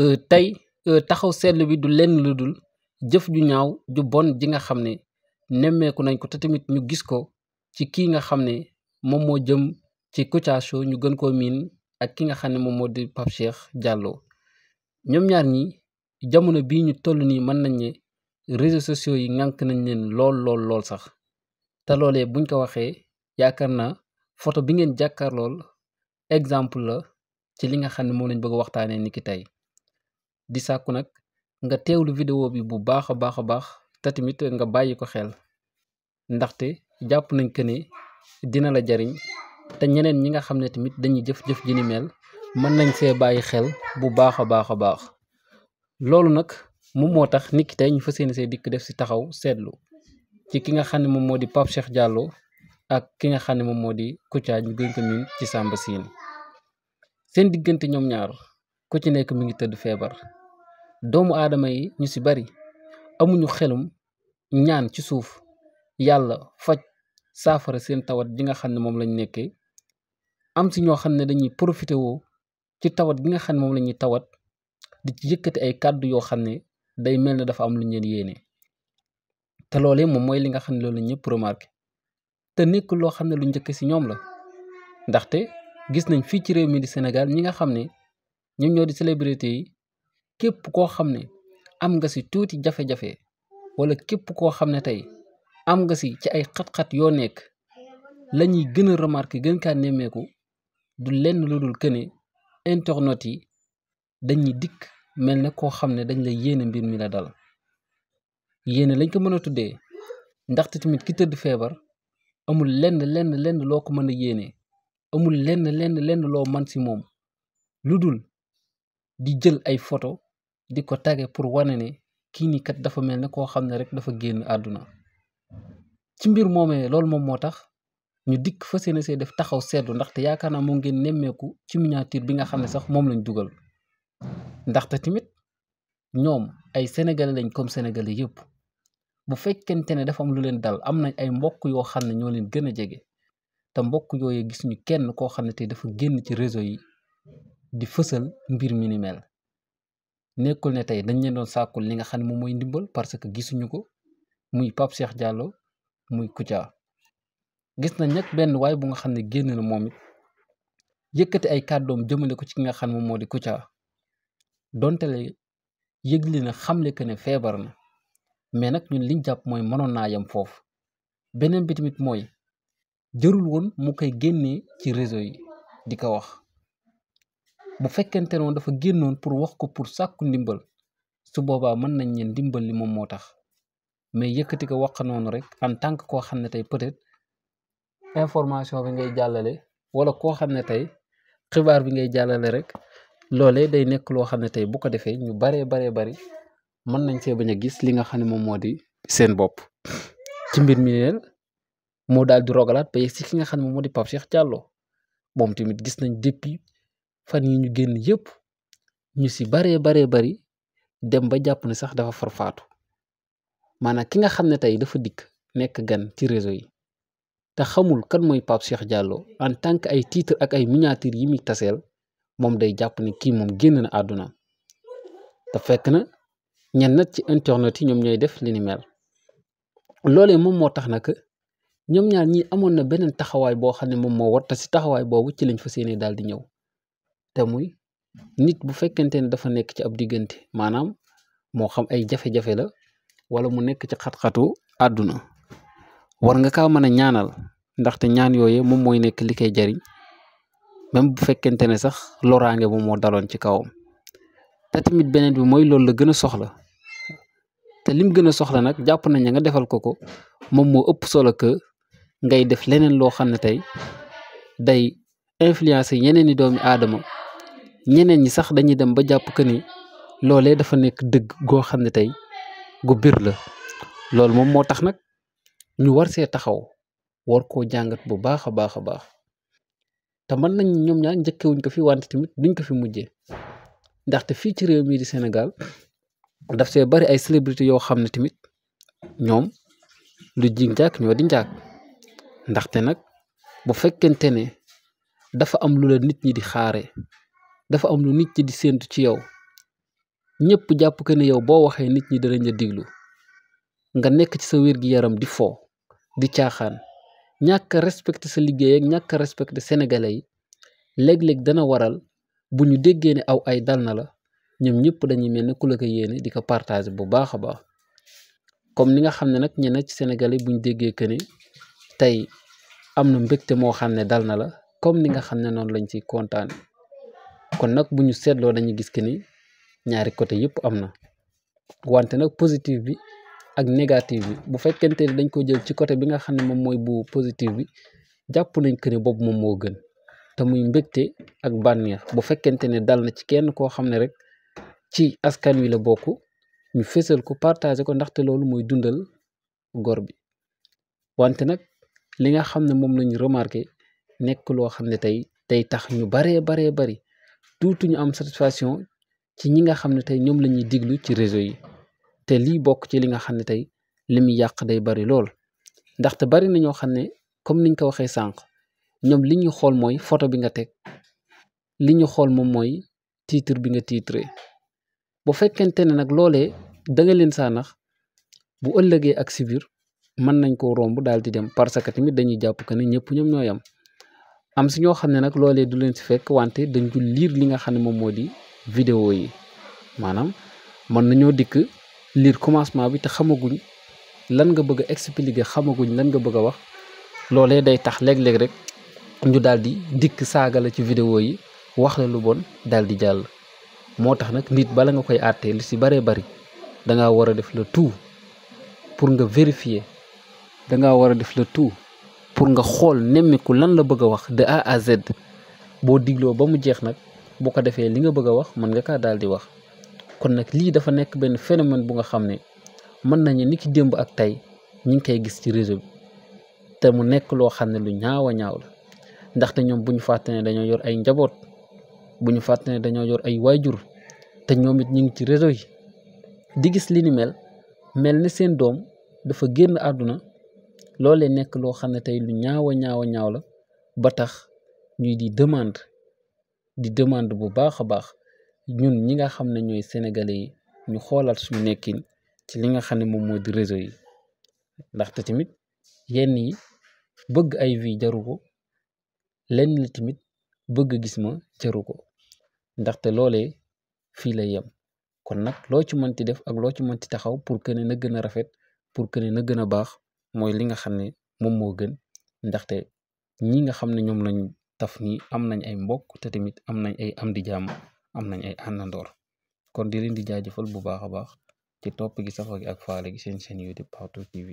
Euh, tey euh, taxaw seetlu bi du lenn lu dul jëf ju ñaaw ju bon ji nga xam ne nemmeeku nañ ko te tamit ñu gis ko ci kii nga xam ne moom moo jëm ci Kouthia ñu gën koo miin ak ki nga xam ne moom moo di Pape Cheikh Diallo ñoom ñaar ñi jamono bii ñu toll nii mën nañ ne réseaux sociaux yi ngànk nañ leen lool lool sax te loolee buñ ko waxee yaakaar na photo bi ngeen jàkkaar lool exemple la ci li nga xam ne moom lañ bëgg waxtaanee ni ki tey di sàkku nag nga teewlu video bi bu baax a baax a baax te tamit nga bàyyi ko xel ndaxte jàpp nañ que ne dina la jariñ te ñeneen ñi nga xam ne tamit dañuy jëf-jëf ji ni mel mën nañ see bàyyi xel bu baax a baax a baax loolu nag moom moo tax nit ki tey ñu fas yéene see dikk def si taxaw seetlu ci ki nga xam ne moom moo di Pape jàlloo ak ki nga xam ne moom moo di Kouthia ñu gën ko miin ci sàmba Sine seen diggante ñoom ñaar ku ci nekk mu ngi tëdd feebar doomu aadama yi ñu si bari amuñu xelum ñaan ci suuf yàlla faj saafara seen tawat ji nga xam ne moom lañu nekkee am si ñoo xam ne dañuy profité woo ci tawat gi nga xam ne moom la ñuy tawat di ci yëkkati ay kàddu yoo xam ne day mel ne dafa am lu ñu leen yéene te loolee moom mooy li nga xam ne loolu ñëpp remarqué te nekk loo xam ne lu njëkk ci ñoom la ndaxte gis nañ fii ci réew mi di Sénégal ñi nga xam ne ñoom ñoo di célébrité yi képp koo xam ne am nga si tuuti jafe-jafe wala képp koo xam ne tey am nga si ci ay xat-xat yoo nekk la ñuy gën a remarqué gën kaa nemmeeku du lenn lu dul këne internet yi dañuy dikk mel ne koo xam ne dañ la yéene mbir mi la dal yéene lañ ko mën a tuddee ndaxte tamit ki tëdd feebar amul lenn lenn loo ko mën a yéene amul lenn lenn lenn loo man si moom lu dul di jël ay photo di ko tagge pour wane ne kii nii kat dafa mel ne koo xam ne rek dafa génn àdduna ci mbir moomee loolu moom moo tax ñu dikk fas yéene see def taxaw seetlu ndaxte yaakaar naa moo ngeen nemmeeku ci miniature bi nga xam ne sax moom lañu dugal ndaxte tamit ñoom ay sénégalais lañ comme sénégalais yëpp bu fekkente ne dafa am lu leen dal am nañ ay mbokk yoo xam ne ñoo leen gën a jege te mbokk yooyu gis ñu kenn koo xam ne tey dafa génn ci réseau yi di fësal mbir mi nekkul ne tey dañ leen doon sàkkul li nga xam ne moom mooy ndimbal parce que gisuñu ko muy Pape Cheikh Diallo muy Kouthia gis nañ nag benn waay bu nga xam ne génn na moom it yëkkati ay kàddoom jëmale ko ci ki nga xam ne moom moo di Kouthia donte la yëgle na xamle que ne feebar na mais nag liñ jàpp mooy mënoon naa yem foofu beneen bi tamit mooy jërul woon mu koy génnee ci réseau yi di ko wax bu fekkente noonu dafa génnoon pour wax ko pour sàkku ndimbal su boobaa mën nañ ñeen ndimbal li moom moo tax mais yëkkati ko wax noonu rek en tant que koo xam ne tey peut-être information bi ngay jàllale wala koo xam ne tey xibaar bi ngay jàllale rek loole day nekk loo xam ne tey bu ko defee ñu baree baree bari mën nañ see bañ a gis li nga xam ne moom moo di seen bopp ci mbir mi moo daal di rogalaat ba yegg si ki nga xam ne moom moo di Pape Cheikh Diallo moom tamit gis nañ depuis fan yi ñu génn yépp ñu si baree baree bari dem ba jàpp ne sax dafa farfaatu maanaam ki nga xam ne tey dafa dikk nekk gan ci réseau yi te xamul kan mooy Pape jàlloo en tant que ay titre ak ay miniature yi muy taseel moom day jàpp ni kii moom génn na àdduna te fekk na ñenn nag ci internet yi ñoom ñooy def li ni loolee moom moo tax nag ñoom ñaar ñi amoon na beneen taxawaay boo xam ne moom moo warta si taxawaay boobu ci lañ fa séenee daal di ñëw te muy nit bu fekkente ne dafa nekk ci ab diggante maanaam moo xam ay jafe-jafe la wala mu nekk ci xat-xatu àdduna war nga kaa mën a ñaanal ndaxte ñaan yooye moom mooy nekk li koy jariñ même bu fekkente ne sax loraange bu moo daloon ci kawam te tamit beneen bi mooy loolu la gën a soxla te lim gën a soxla nag jàpp nañ nga defal ko ko moom moo ëpp solo que ngay def leneen loo xam ne tey day influencer yeneen i doomi aadama ñeneen ñi sax dañuy dem ba jàpp que ni loolee dafa nekk dëgg goo xam ne tey gu bir la loolu moom moo tax nag ñu war see taxaw war koo jàngat bu baax a baax a baax te mën nañ ñoom ñaar njëkkewuñ ko fi wante tamit duñ ko fi mujjee ndaxte fii ci réew mii di Sénégal daf see bari ay célébrité yoo xam ne tamit ñoom lu ji njaak ñoo di njaak ndaxte nag bu fekkente ne dafa am lu la nit ñi di xaare dafa am lu nit ñi di séentu ci yow ñëpp jàpp ko ne yow boo waxee nit ñi danañ la diglu nga nekk ci sa wér gi yaram di foo di caaxaan ñàkk respecte sa liggéey ak ñàkk respecté sénégalais yi léeg-léeg dana waral bu ñu déggee ne aw ay dal na la ñoom ñëpp dañuy mel ne ku la ko yéene di ko partagé bu baax a baax comme ni nga xam ne nag ñenn ci sénégalais bu ñu déggee que ne tey am na mbégte moo xam ne dal na la comme ni nga xam ne noonu lañ ciy kontaane kon nag bu ñu seetloo dañuy gis que ni ñaari côté yëpp am na wante nag positive bi ak négative bi bu fekkente ne dañ ko jël ci côté bi nga xam ne moom mooy bu positive bi jàpp nañ que ni boobu moom moo gën te muy mbégte ak bànneex bu fekkente ne dal na ci kenn koo xam ne rek ci askan wi la bokk ñu fésal ko partagé ko ndaxte loolu mooy dundal gor bi wante nag li nga xam ne moom la ñu remarqué nekk loo xam ne tey tey tax ñu baree baree bari tuuti ñu am satisfaction ci ñi nga xam ne tey ñoom lañuy ñuy diglu ci réseau yi te lii bokk ci li nga xam ne tey li muy yàq day bari lool ndaxte bari na ñoo xam ne comme niñ ko waxee sànq ñoom li ñuy xool mooy photo bi nga teg li ñu xool moom mooy titre bi nga titre bu fekkente ne nag loolee da leen sa nax bu ëllëgee ak sibir mën nañ koo romb daal di dem parce que tamit dañuy jàpp que ne ñëpp ñoom ñooy am am si ñoo xam ne nag loolee du leen si fekk wante dañ ko liir li nga xam ne moom moo di video yi maanaam mën nañoo dikk liir commencement bi te xamaguñ lan nga bëgg a xamaguñ lan nga bëgg a wax loolee day tax léeg-léeg rek ñu daal di dikk saaga la ci vidéo yi wax la lu bon daal di jàll moo tax nag nit bala nga koy àttee li si baree bari da ngaa war a def le tout pour nga vérifier da ngaa war a def le tout pour nga xool nemmiku lan la bëgg a wax de A à boo digloo ba mu jeex nag bu ko defee li nga bëgg a wax mën nga kaa daal di wax kon nag lii dafa nekk benn phénomène bu nga xam ne mën nañu ni ki démb ak tey ñu ngi koy gis ci réseau bi te mu nekk loo xam ne lu ñaaw a ñaaw la ndaxte ñoom bu ñu fàtte dañoo yor ay njaboot bu ñu fàtte dañoo yor ay waajur te ñoom it ñu ngi ci réseau yi di gis li ni mel mel ni seen doom dafa génn àdduna loolee nekk loo xam ne tey lu ñaawa ñaawa ñaaw la ba tax ñuy di demande di demande bu baax a baax ñun ñi nga xam ne ñooy sénégalais yi ñu xoolal suñu nekkin ci li nga xam ne moom moo di réseau yi ndaxte tamit yenn yi bëgg ay vie jaru ko lenn li tamit bëgg gis ma jaru ko ndaxte loole fii lay yem kon nag loo ci mënti def ak loo ci mënti taxaw pour que ne na gën a rafet pour que ne na gën a baax mooy li nga xam ne moom moo gën ndaxte ñi nga xam ne ñoom lañ taf nii am nañ ay mbokk te tamit am nañ ay am di jàmm am nañ ay àndandoor kon di leen di jaajëfal bu baax a baax ci topp gi safa gi ak faale gi seen seen YouTube Partout TV